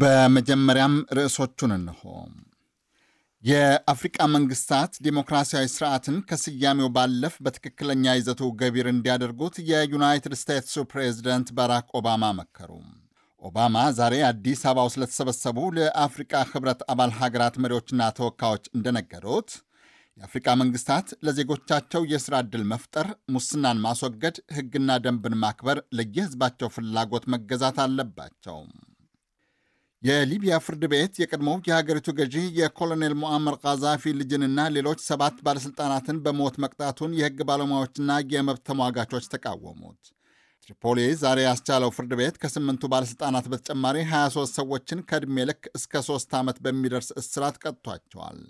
በመጀመሪያም ርዕሶቹን እንሆ። የአፍሪቃ መንግስታት ዴሞክራሲያዊ ስርዓትን ከስያሜው ባለፍ በትክክለኛ ይዘቱ ገቢር እንዲያደርጉት የዩናይትድ ስቴትሱ ፕሬዚደንት ባራክ ኦባማ መከሩ። ኦባማ ዛሬ አዲስ አበባ ውስጥ ለተሰበሰቡ ለአፍሪቃ ህብረት አባል ሀገራት መሪዎችና ተወካዮች እንደነገሩት የአፍሪቃ መንግስታት ለዜጎቻቸው የሥራ ዕድል መፍጠር፣ ሙስናን ማስወገድ፣ ሕግና ደንብን ማክበር፣ ለየህዝባቸው ፍላጎት መገዛት አለባቸው። የሊቢያ ፍርድ ቤት የቀድሞው የሀገሪቱ ገዢ የኮሎኔል ሙአመር ቃዛፊ ልጅንና ሌሎች ሰባት ባለሥልጣናትን በሞት መቅጣቱን የሕግ ባለሙያዎችና የመብት ተሟጋቾች ተቃወሙት። ትሪፖሊ ዛሬ ያስቻለው ፍርድ ቤት ከስምንቱ ባለሥልጣናት በተጨማሪ 23 ሰዎችን ከዕድሜ ልክ እስከ ሦስት ዓመት በሚደርስ እስራት ቀጥቷቸዋል።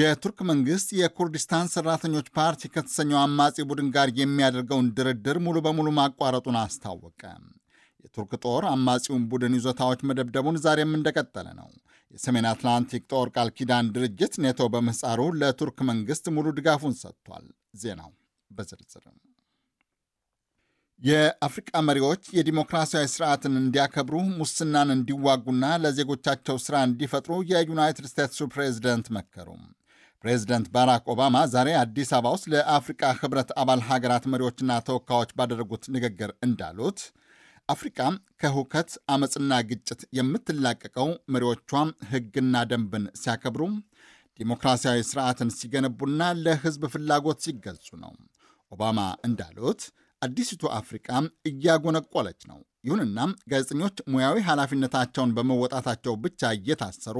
የቱርክ መንግሥት የኩርዲስታን ሠራተኞች ፓርቲ ከተሰኘው አማጺ ቡድን ጋር የሚያደርገውን ድርድር ሙሉ በሙሉ ማቋረጡን አስታወቀ። የቱርክ ጦር አማጺውን ቡድን ይዞታዎች መደብደቡን ዛሬም እንደቀጠለ ነው። የሰሜን አትላንቲክ ጦር ቃል ኪዳን ድርጅት ኔቶ በምህፃሩ ለቱርክ መንግስት ሙሉ ድጋፉን ሰጥቷል። ዜናው በዝርዝር የአፍሪቃ መሪዎች የዲሞክራሲያዊ ስርዓትን እንዲያከብሩ፣ ሙስናን እንዲዋጉና ለዜጎቻቸው ሥራ እንዲፈጥሩ የዩናይትድ ስቴትሱ ፕሬዚደንት መከሩ። ፕሬዝደንት ባራክ ኦባማ ዛሬ አዲስ አበባ ውስጥ ለአፍሪቃ ህብረት አባል ሀገራት መሪዎችና ተወካዮች ባደረጉት ንግግር እንዳሉት አፍሪካ ከሁከት አመፅና ግጭት የምትላቀቀው መሪዎቿ ህግና ደንብን ሲያከብሩ ዲሞክራሲያዊ ስርዓትን ሲገነቡና ለህዝብ ፍላጎት ሲገዙ ነው። ኦባማ እንዳሉት አዲሲቱ አፍሪካ እያጎነቆለች ነው። ይሁንና ጋዜጠኞች ሙያዊ ኃላፊነታቸውን በመወጣታቸው ብቻ እየታሰሩ፣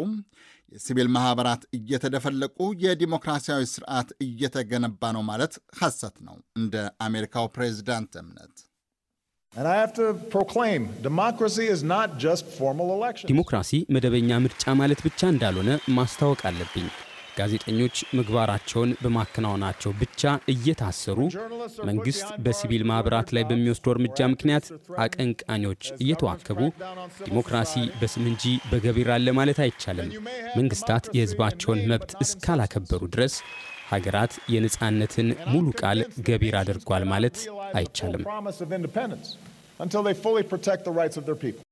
የሲቪል ማኅበራት እየተደፈለቁ የዲሞክራሲያዊ ስርዓት እየተገነባ ነው ማለት ሐሰት ነው እንደ አሜሪካው ፕሬዚዳንት እምነት። ዲሞክራሲ መደበኛ ምርጫ ማለት ብቻ እንዳልሆነ ማስታወቅ አለብኝ። ጋዜጠኞች ምግባራቸውን በማከናወናቸው ብቻ እየታሰሩ መንግስት በሲቪል ማኅበራት ላይ በሚወስደው እርምጃ ምክንያት አቀንቃኞች እየተዋከቡ ዲሞክራሲ በስም እንጂ በገቢር አለ ማለት አይቻልም። መንግስታት የሕዝባቸውን መብት እስካላከበሩ ድረስ ሀገራት የነፃነትን ሙሉ ቃል ገቢር አድርጓል ማለት አይቻልም። until they fully protect the rights of their people.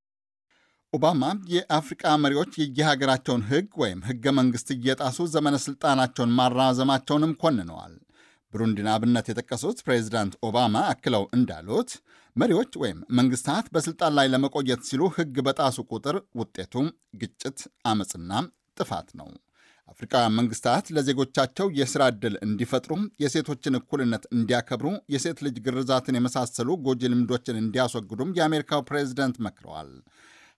ኦባማ የአፍሪቃ መሪዎች የየሀገራቸውን ህግ ወይም ህገ መንግስት እየጣሱ ዘመነ ስልጣናቸውን ማራዘማቸውንም ኮንነዋል። ብሩንዲን አብነት የጠቀሱት ፕሬዚዳንት ኦባማ አክለው እንዳሉት መሪዎች ወይም መንግስታት በስልጣን ላይ ለመቆየት ሲሉ ህግ በጣሱ ቁጥር ውጤቱም ግጭት፣ አመፅና ጥፋት ነው። አፍሪካውያን መንግስታት ለዜጎቻቸው የስራ ዕድል እንዲፈጥሩ፣ የሴቶችን እኩልነት እንዲያከብሩ፣ የሴት ልጅ ግርዛትን የመሳሰሉ ጎጂ ልምዶችን እንዲያስወግዱም የአሜሪካው ፕሬዚደንት መክረዋል።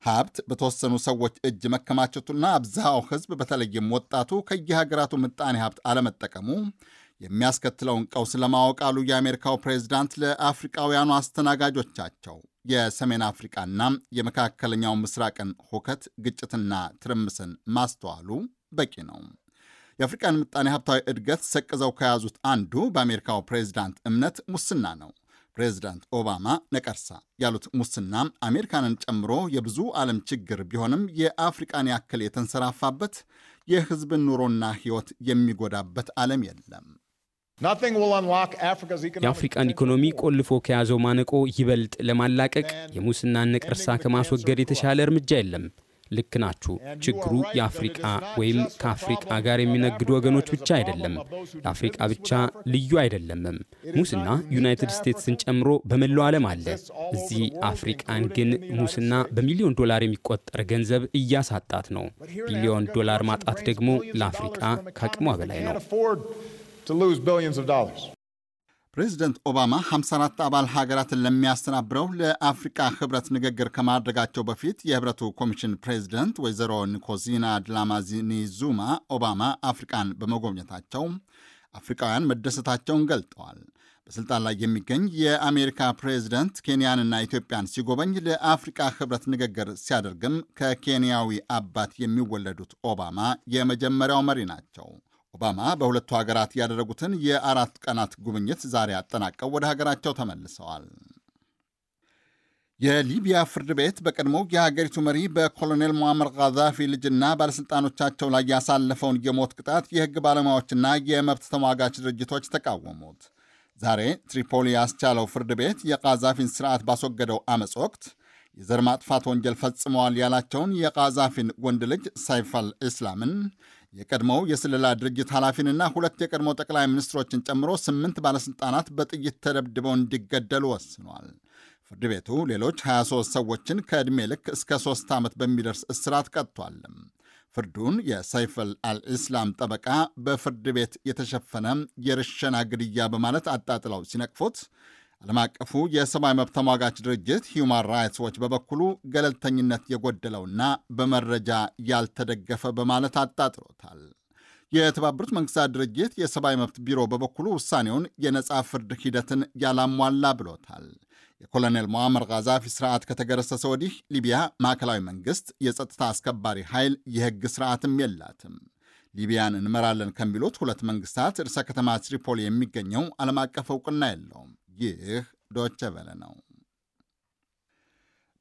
ሀብት በተወሰኑ ሰዎች እጅ መከማቸቱና አብዛው ህዝብ በተለይም ወጣቱ ከየሀገራቱ ምጣኔ ሀብት አለመጠቀሙ የሚያስከትለውን ቀውስ ለማወቅ አሉ የአሜሪካው ፕሬዝዳንት ለአፍሪቃውያኑ አስተናጋጆቻቸው የሰሜን አፍሪቃና የመካከለኛው ምስራቅን ሁከት ግጭትና ትርምስን ማስተዋሉ በቂ ነው። የአፍሪካን ምጣኔ ሀብታዊ እድገት ሰቅዘው ከያዙት አንዱ በአሜሪካው ፕሬዚዳንት እምነት ሙስና ነው። ፕሬዚዳንት ኦባማ ነቀርሳ ያሉት ሙስና አሜሪካንን ጨምሮ የብዙ ዓለም ችግር ቢሆንም የአፍሪቃን ያክል የተንሰራፋበት የሕዝብን ኑሮና ሕይወት የሚጎዳበት ዓለም የለም። የአፍሪቃን ኢኮኖሚ ቆልፎ ከያዘው ማነቆ ይበልጥ ለማላቀቅ የሙስናን ነቀርሳ ከማስወገድ የተሻለ እርምጃ የለም። ልክ ናችሁ። ችግሩ የአፍሪቃ ወይም ከአፍሪቃ ጋር የሚነግዱ ወገኖች ብቻ አይደለም፣ ለአፍሪቃ ብቻ ልዩ አይደለምም። ሙስና ዩናይትድ ስቴትስን ጨምሮ በመላው ዓለም አለ። እዚህ አፍሪቃን ግን ሙስና በሚሊዮን ዶላር የሚቆጠር ገንዘብ እያሳጣት ነው። ቢሊዮን ዶላር ማጣት ደግሞ ለአፍሪቃ ከአቅሟ በላይ ነው። ፕሬዚደንት ኦባማ 54 አባል ሀገራትን ለሚያስተናብረው ለአፍሪቃ ህብረት ንግግር ከማድረጋቸው በፊት የህብረቱ ኮሚሽን ፕሬዚደንት ወይዘሮ ኒኮዚና ድላማዚኒ ዙማ ኦባማ አፍሪቃን በመጎብኘታቸው አፍሪቃውያን መደሰታቸውን ገልጠዋል። በስልጣን ላይ የሚገኝ የአሜሪካ ፕሬዚደንት ኬንያንና ኢትዮጵያን ሲጎበኝ ለአፍሪቃ ህብረት ንግግር ሲያደርግም ከኬንያዊ አባት የሚወለዱት ኦባማ የመጀመሪያው መሪ ናቸው። ኦባማ በሁለቱ ሀገራት ያደረጉትን የአራት ቀናት ጉብኝት ዛሬ አጠናቀው ወደ ሀገራቸው ተመልሰዋል። የሊቢያ ፍርድ ቤት በቀድሞው የሀገሪቱ መሪ በኮሎኔል ሙአመር ጋዛፊ ልጅና ባለሥልጣኖቻቸው ላይ ያሳለፈውን የሞት ቅጣት የሕግ ባለሙያዎችና የመብት ተሟጋች ድርጅቶች ተቃወሙት። ዛሬ ትሪፖሊ ያስቻለው ፍርድ ቤት የቃዛፊን ስርዓት ባስወገደው አመፅ ወቅት የዘር ማጥፋት ወንጀል ፈጽመዋል ያላቸውን የቃዛፊን ወንድ ልጅ ሳይፋል ኢስላምን የቀድሞው የስለላ ድርጅት ኃላፊንና ሁለት የቀድሞ ጠቅላይ ሚኒስትሮችን ጨምሮ ስምንት ባለሥልጣናት በጥይት ተደብድበው እንዲገደሉ ወስኗል። ፍርድ ቤቱ ሌሎች 23 ሰዎችን ከዕድሜ ልክ እስከ ሦስት ዓመት በሚደርስ እስራት ቀጥቷል። ፍርዱን የሰይፈል አልኢስላም ጠበቃ በፍርድ ቤት የተሸፈነ የርሸና ግድያ በማለት አጣጥለው ሲነቅፉት ዓለም አቀፉ የሰብአዊ መብት ተሟጋች ድርጅት ሂውማን ራይትስ ዎች በበኩሉ ገለልተኝነት የጎደለውና በመረጃ ያልተደገፈ በማለት አጣጥሮታል። የተባበሩት መንግስታት ድርጅት የሰብአዊ መብት ቢሮ በበኩሉ ውሳኔውን የነጻ ፍርድ ሂደትን ያላሟላ ብሎታል። የኮሎኔል ሞአመር ጋዛፊ ስርዓት ከተገረሰሰ ወዲህ ሊቢያ ማዕከላዊ መንግስት፣ የጸጥታ አስከባሪ ኃይል፣ የህግ ስርዓትም የላትም። ሊቢያን እንመራለን ከሚሉት ሁለት መንግስታት ርዕሰ ከተማ ትሪፖሊ የሚገኘው ዓለም አቀፍ እውቅና የለውም። ይህ ዶቸ በለ ነው።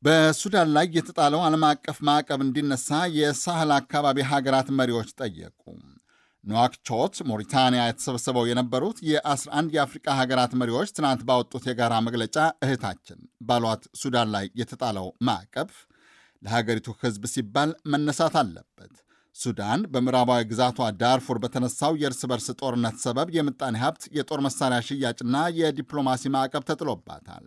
በሱዳን ላይ የተጣለው ዓለም አቀፍ ማዕቀብ እንዲነሳ የሳህል አካባቢ ሀገራት መሪዎች ጠየቁ። ኖዋክቾት ሞሪታንያ የተሰበሰበው የነበሩት የ11 የአፍሪቃ ሀገራት መሪዎች ትናንት ባወጡት የጋራ መግለጫ እህታችን ባሏት ሱዳን ላይ የተጣለው ማዕቀብ ለሀገሪቱ ሕዝብ ሲባል መነሳት አለበት ሱዳን በምዕራባዊ ግዛቷ ዳርፉር በተነሳው የእርስ በርስ ጦርነት ሰበብ የምጣኔ ሀብት፣ የጦር መሳሪያ ሽያጭና የዲፕሎማሲ ማዕቀብ ተጥሎባታል።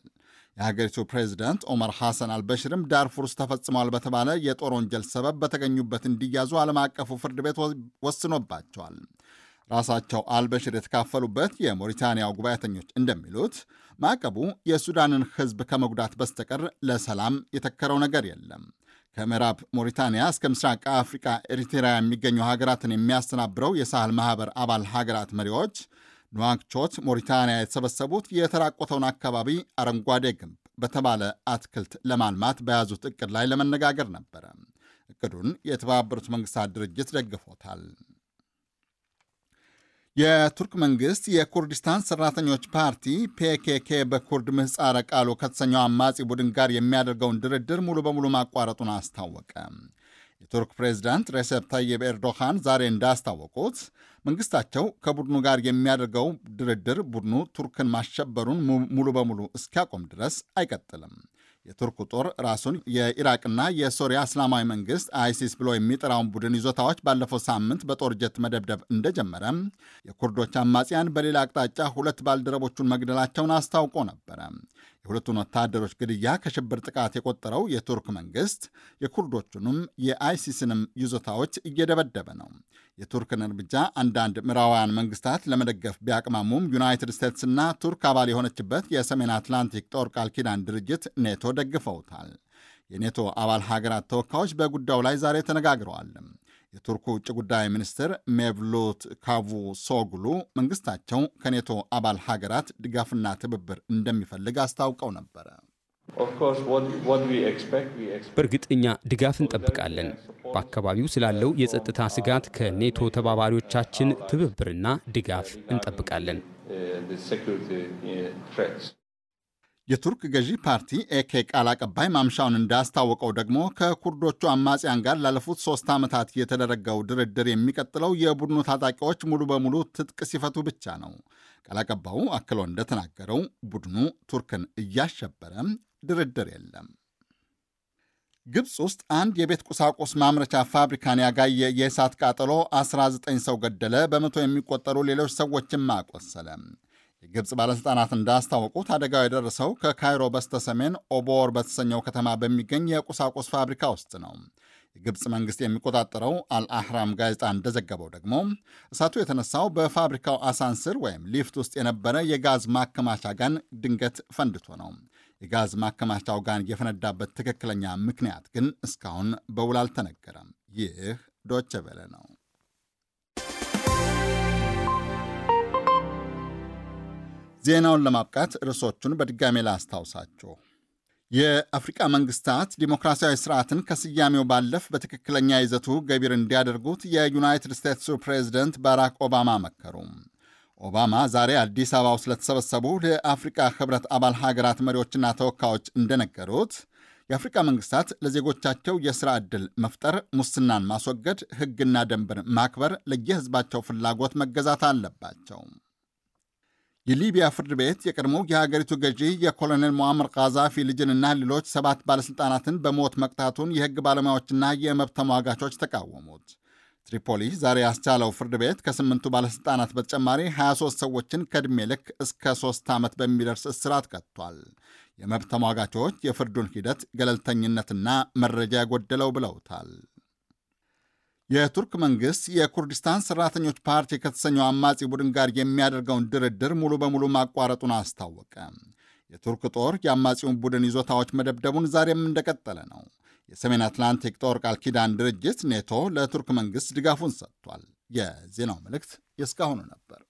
የሀገሪቱ ፕሬዚደንት ኦመር ሐሰን አልበሽርም ዳርፉር ውስጥ ተፈጽሟል በተባለ የጦር ወንጀል ሰበብ በተገኙበት እንዲያዙ ዓለም አቀፉ ፍርድ ቤት ወስኖባቸዋል። ራሳቸው አልበሽር የተካፈሉበት የሞሪታንያው ጉባኤተኞች እንደሚሉት ማዕቀቡ የሱዳንን ሕዝብ ከመጉዳት በስተቀር ለሰላም የተከረው ነገር የለም። ከምዕራብ ሞሪታንያ እስከ ምስራቅ አፍሪካ ኤሪትሪያ የሚገኙ ሀገራትን የሚያስተናብረው የሳህል ማህበር አባል ሀገራት መሪዎች ኑዋክቾት ሞሪታንያ የተሰበሰቡት የተራቆተውን አካባቢ አረንጓዴ ግንብ በተባለ አትክልት ለማልማት በያዙት እቅድ ላይ ለመነጋገር ነበረ። እቅዱን የተባበሩት መንግስታት ድርጅት ደግፎታል። የቱርክ መንግስት የኩርዲስታን ሰራተኞች ፓርቲ ፔኬኬ በኩርድ ምህፃረ ቃሉ ከተሰኘው አማጺ ቡድን ጋር የሚያደርገውን ድርድር ሙሉ በሙሉ ማቋረጡን አስታወቀ። የቱርክ ፕሬዝዳንት ሬሴፕ ታይብ ኤርዶሃን ዛሬ እንዳስታወቁት መንግስታቸው ከቡድኑ ጋር የሚያደርገው ድርድር ቡድኑ ቱርክን ማሸበሩን ሙሉ በሙሉ እስኪያቆም ድረስ አይቀጥልም። የቱርክ ጦር ራሱን የኢራቅና የሶሪያ እስላማዊ መንግስት አይሲስ ብሎ የሚጠራውን ቡድን ይዞታዎች ባለፈው ሳምንት በጦር ጀት መደብደብ እንደጀመረ የኩርዶች አማጽያን በሌላ አቅጣጫ ሁለት ባልደረቦቹን መግደላቸውን አስታውቆ ነበረ። የሁለቱን ወታደሮች ግድያ ከሽብር ጥቃት የቆጠረው የቱርክ መንግስት የኩርዶቹንም የአይሲስንም ይዞታዎች እየደበደበ ነው። የቱርክን እርምጃ አንዳንድ ምዕራባውያን መንግስታት ለመደገፍ ቢያቅማሙም ዩናይትድ ስቴትስና ቱርክ አባል የሆነችበት የሰሜን አትላንቲክ ጦር ቃል ኪዳን ድርጅት ኔቶ ደግፈውታል። የኔቶ አባል ሀገራት ተወካዮች በጉዳዩ ላይ ዛሬ ተነጋግረዋል። የቱርኩ ውጭ ጉዳይ ሚኒስትር ሜቭሉት ሶግሉ መንግስታቸው ከኔቶ አባል ሀገራት ድጋፍና ትብብር እንደሚፈልግ አስታውቀው ነበረ። በእርግጥ ድጋፍ እንጠብቃለን። በአካባቢው ስላለው የጸጥታ ስጋት ከኔቶ ተባባሪዎቻችን ትብብርና ድጋፍ እንጠብቃለን። uh, የቱርክ ገዢ ፓርቲ ኤኬ ቃል አቀባይ ማምሻውን እንዳስታወቀው ደግሞ ከኩርዶቹ አማጽያን ጋር ላለፉት ሶስት ዓመታት የተደረገው ድርድር የሚቀጥለው የቡድኑ ታጣቂዎች ሙሉ በሙሉ ትጥቅ ሲፈቱ ብቻ ነው። ቃል አቀባዩ አክሎ እንደተናገረው ቡድኑ ቱርክን እያሸበረ ድርድር የለም። ግብፅ ውስጥ አንድ የቤት ቁሳቁስ ማምረቻ ፋብሪካን ያጋየ የእሳት ቃጠሎ 19 ሰው ገደለ፣ በመቶ የሚቆጠሩ ሌሎች ሰዎችም አቆሰለም። የግብፅ ባለሥልጣናት እንዳስታወቁት አደጋው የደረሰው ከካይሮ በስተሰሜን ኦቦር በተሰኘው ከተማ በሚገኝ የቁሳቁስ ፋብሪካ ውስጥ ነው። የግብፅ መንግሥት የሚቆጣጠረው አልአህራም ጋዜጣ እንደዘገበው ደግሞ እሳቱ የተነሳው በፋብሪካው አሳንስር ወይም ሊፍት ውስጥ የነበረ የጋዝ ማከማቻ ጋን ድንገት ፈንድቶ ነው። የጋዝ ማከማቻው ጋን የፈነዳበት ትክክለኛ ምክንያት ግን እስካሁን በውል አልተነገረም። ይህ ዶቸ ቬለ ነው። ዜናውን ለማብቃት ርዕሶቹን በድጋሜ ላስታውሳችሁ። የአፍሪቃ መንግስታት ዲሞክራሲያዊ ስርዓትን ከስያሜው ባለፍ በትክክለኛ ይዘቱ ገቢር እንዲያደርጉት የዩናይትድ ስቴትሱ ፕሬዝደንት ባራክ ኦባማ መከሩ። ኦባማ ዛሬ አዲስ አበባ ውስጥ ለተሰበሰቡ ለአፍሪቃ ህብረት አባል ሀገራት መሪዎችና ተወካዮች እንደነገሩት የአፍሪቃ መንግስታት ለዜጎቻቸው የሥራ ዕድል መፍጠር፣ ሙስናን ማስወገድ፣ ሕግና ደንብን ማክበር፣ ለየህዝባቸው ፍላጎት መገዛት አለባቸው። የሊቢያ ፍርድ ቤት የቀድሞው የሀገሪቱ ገዢ የኮሎኔል ሞአምር ቃዛፊ ልጅንና ሌሎች ሰባት ባለሥልጣናትን በሞት መቅጣቱን የሕግ ባለሙያዎችና የመብት ተሟጋቾች ተቃወሙት። ትሪፖሊ ዛሬ ያስቻለው ፍርድ ቤት ከስምንቱ ባለሥልጣናት በተጨማሪ 23 ሰዎችን ከዕድሜ ልክ እስከ ሦስት ዓመት በሚደርስ እስራት ቀጥቷል። የመብት ተሟጋቾች የፍርዱን ሂደት ገለልተኝነትና መረጃ የጎደለው ብለውታል። የቱርክ መንግስት የኩርዲስታን ሰራተኞች ፓርቲ ከተሰኘው አማጺ ቡድን ጋር የሚያደርገውን ድርድር ሙሉ በሙሉ ማቋረጡን አስታወቀ። የቱርክ ጦር የአማጺውን ቡድን ይዞታዎች መደብደቡን ዛሬም እንደቀጠለ ነው። የሰሜን አትላንቲክ ጦር ቃል ኪዳን ድርጅት ኔቶ ለቱርክ መንግስት ድጋፉን ሰጥቷል። የዜናው መልእክት የእስካሁኑ ነበር።